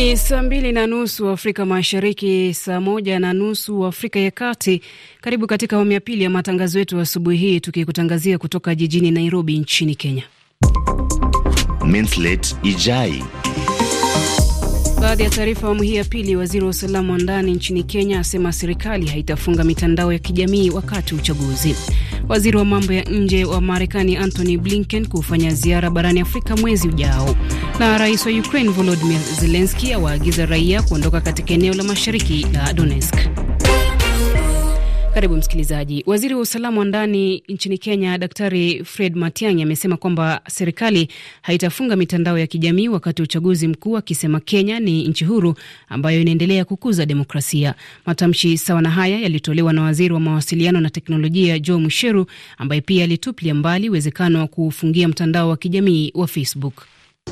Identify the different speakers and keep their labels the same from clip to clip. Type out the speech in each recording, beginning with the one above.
Speaker 1: Ni saa mbili na nusu Afrika Mashariki, saa moja na nusu Afrika ya Kati. Karibu katika awamu ya pili ya matangazo yetu asubuhi hii, tukikutangazia kutoka jijini Nairobi nchini Kenya. Minslet Ijai. Baadhi ya taarifa awamu hii ya pili. Waziri wa usalama wa ndani nchini Kenya asema serikali haitafunga mitandao ya kijamii wakati wa uchaguzi waziri wa mambo ya nje wa Marekani Antony Blinken kufanya ziara barani Afrika mwezi ujao. Na rais wa Ukraine Volodymyr Zelensky awaagiza raia kuondoka katika eneo la mashariki la Donetsk. Karibu msikilizaji. Waziri wa usalama wa ndani nchini Kenya, Daktari Fred Matiang'i, amesema kwamba serikali haitafunga mitandao ya kijamii wakati wa uchaguzi mkuu, akisema Kenya ni nchi huru ambayo inaendelea kukuza demokrasia. Matamshi sawa na haya yalitolewa na waziri wa mawasiliano na teknolojia Joe Musheru, ambaye pia alitupilia mbali uwezekano wa kufungia mtandao wa kijamii wa Facebook.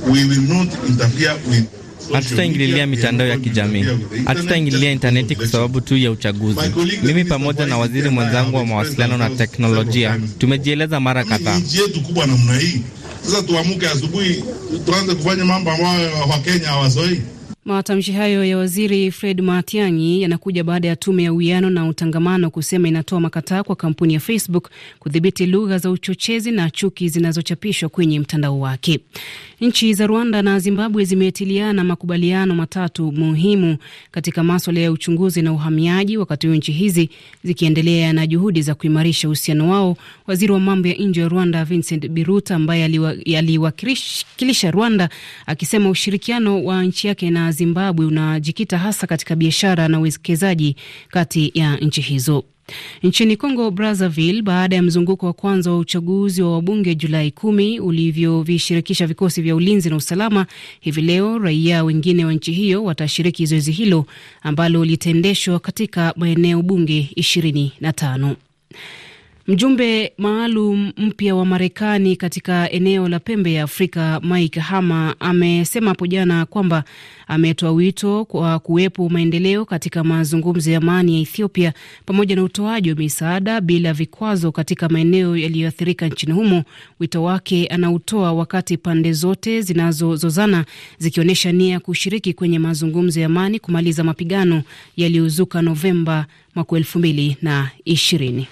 Speaker 2: We will not interfere with
Speaker 1: hatutaingililia mitandao ya kijamii, hatutaingililia intaneti kwa sababu tu ya uchaguzi. Mimi pamoja na waziri mwenzangu wa mawasiliano na teknolojia tumejieleza mara kadhaa.
Speaker 2: Sasa tuamke asubuhi tuanze kufanya mambo ambayo Wakenya hawazoei.
Speaker 1: Matamshi hayo ya waziri Fred Matiang'i yanakuja baada ya tume ya uwiano na utangamano kusema inatoa makataa kwa kampuni ya Facebook kudhibiti lugha za uchochezi na chuki zinazochapishwa kwenye mtandao wake. Nchi za Rwanda na Zimbabwe zimetiliana makubaliano matatu muhimu katika maswala ya uchunguzi na uhamiaji, wakati nchi hizi zikiendelea na juhudi za kuimarisha uhusiano wao. Waziri wa mambo ya nje wa Rwanda Vincent Biruta ambaye aliwakilisha Rwanda akisema ushirikiano wa nchi yake na Zimbabwe unajikita hasa katika biashara na uwekezaji kati ya nchi hizo. Nchini congo Brazzaville, baada ya mzunguko wa kwanza wa uchaguzi wa wabunge Julai kumi ulivyovishirikisha vikosi vya ulinzi na usalama, hivi leo raia wengine wa nchi hiyo watashiriki zoezi hilo ambalo litendeshwa katika maeneo bunge tano Mjumbe maalum mpya wa Marekani katika eneo la pembe ya Afrika Mike Hammer amesema hapo jana kwamba ametoa wito kwa kuwepo maendeleo katika mazungumzo ya amani ya Ethiopia pamoja na utoaji wa misaada bila vikwazo katika maeneo yaliyoathirika nchini humo. Wito wake anautoa wakati pande zote zinazozozana zikionyesha nia ya kushiriki kwenye mazungumzo ya amani kumaliza mapigano yaliyozuka Novemba mwaka elfu mbili na ishirini.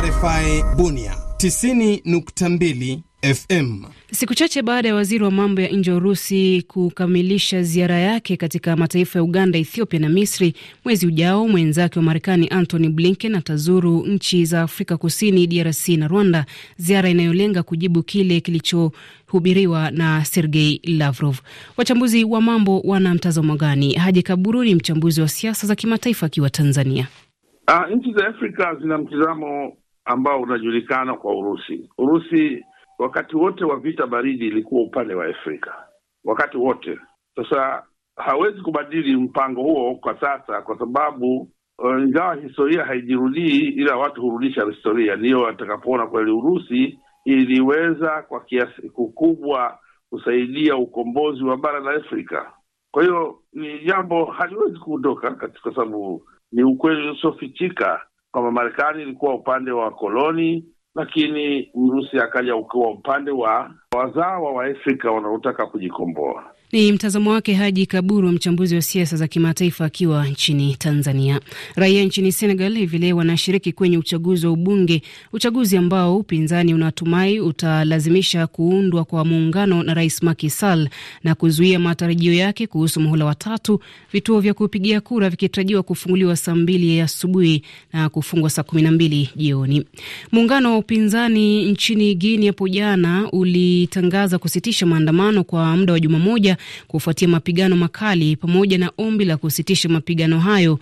Speaker 2: RFI Bunia 90.2 FM.
Speaker 1: Siku chache baada ya waziri wa mambo ya nje wa Urusi kukamilisha ziara yake katika mataifa ya Uganda, Ethiopia na Misri, mwezi ujao mwenzake wa Marekani Antony Blinken atazuru nchi za Afrika Kusini, DRC na Rwanda, ziara inayolenga kujibu kile kilichohubiriwa na Sergei Lavrov. Wachambuzi wa mambo wana mtazamo gani? Haji Kaburu ni mchambuzi wa siasa za kimataifa akiwa Tanzania.
Speaker 2: Uh, nchi za Afrika zina mtizamo ambao unajulikana kwa Urusi. Urusi wakati wote wa vita baridi ilikuwa upande wa Afrika wakati wote. Sasa hawezi kubadili mpango huo kwa sasa, kwa sababu uh, ingawa historia haijirudii, ila watu hurudisha historia. Ndiyo watakapoona kweli Urusi iliweza kwa kiasi kikubwa kusaidia ukombozi wa bara la Afrika. Kwa hiyo ni jambo haliwezi kuondoka, kwa sababu ni ukweli usiofichika kwamba Marekani ilikuwa upande wa koloni, lakini Mrusi akaja ukiwa upande wa wazawa wa Afrika wanaotaka kujikomboa.
Speaker 1: Ni mtazamo wake Haji Kaburu, mchambuzi wa siasa za kimataifa akiwa nchini Tanzania. Raia nchini Senegal hivi leo wanashiriki kwenye uchaguzi wa ubunge, uchaguzi ambao upinzani unatumai utalazimisha kuundwa kwa muungano na Rais Macky Sall na kuzuia matarajio yake kuhusu muhula watatu, vituo vya kupigia kura vikitarajiwa kufunguliwa saa mbili ya asubuhi na kufungwa saa kumi na mbili jioni. Muungano wa upinzani nchini guini hapo jana ulitangaza kusitisha maandamano kwa muda wa juma moja kufuatia mapigano makali pamoja na ombi la kusitisha mapigano hayo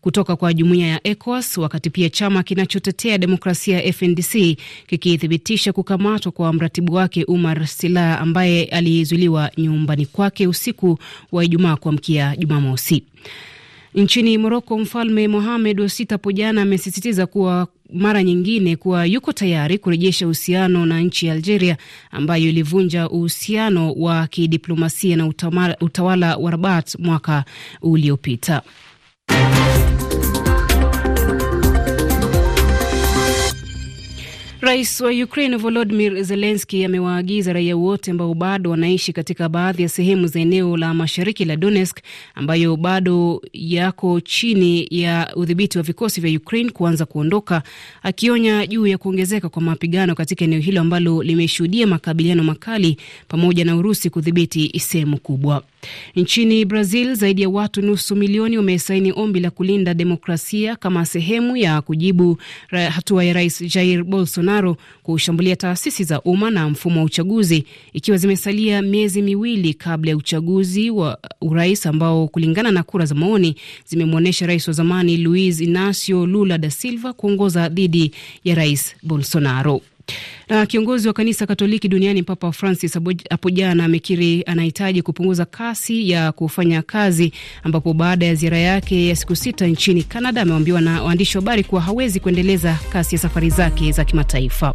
Speaker 1: kutoka kwa jumuiya ya ECOWAS, wakati pia chama kinachotetea demokrasia ya FNDC kikithibitisha kukamatwa kwa mratibu wake Umar Sila ambaye alizuiliwa nyumbani kwake usiku wa Ijumaa kuamkia Jumamosi. Nchini Moroko, Mfalme Mohamed wa Sita hapo jana amesisitiza kuwa mara nyingine kuwa yuko tayari kurejesha uhusiano na nchi ya Algeria ambayo ilivunja uhusiano wa kidiplomasia na utawala wa Rabat mwaka uliopita. Rais wa Ukraine volodimir zelenski amewaagiza raia wote ambao bado wanaishi katika baadhi ya sehemu za eneo la mashariki la Donetsk ambayo bado yako chini ya udhibiti wa vikosi vya Ukraine kuanza kuondoka, akionya juu ya kuongezeka kwa mapigano katika eneo hilo ambalo limeshuhudia makabiliano makali pamoja na Urusi kudhibiti sehemu kubwa. Nchini Brazil, zaidi ya watu nusu milioni wamesaini ombi la kulinda demokrasia kama sehemu ya kujibu hatua ya Rais Jair Bolsonaro Bolsonaro kushambulia taasisi za umma na mfumo wa uchaguzi, ikiwa zimesalia miezi miwili kabla ya uchaguzi wa urais ambao kulingana na kura za maoni zimemwonyesha rais wa zamani Luiz Inacio Lula da Silva kuongoza dhidi ya rais Bolsonaro. Na kiongozi wa kanisa Katoliki duniani Papa Francis hapo jana amekiri anahitaji kupunguza kasi ya kufanya kazi, ambapo baada ya ziara yake ya siku sita nchini Kanada ameambiwa na waandishi wa habari kuwa hawezi kuendeleza kasi ya safari zake za kimataifa.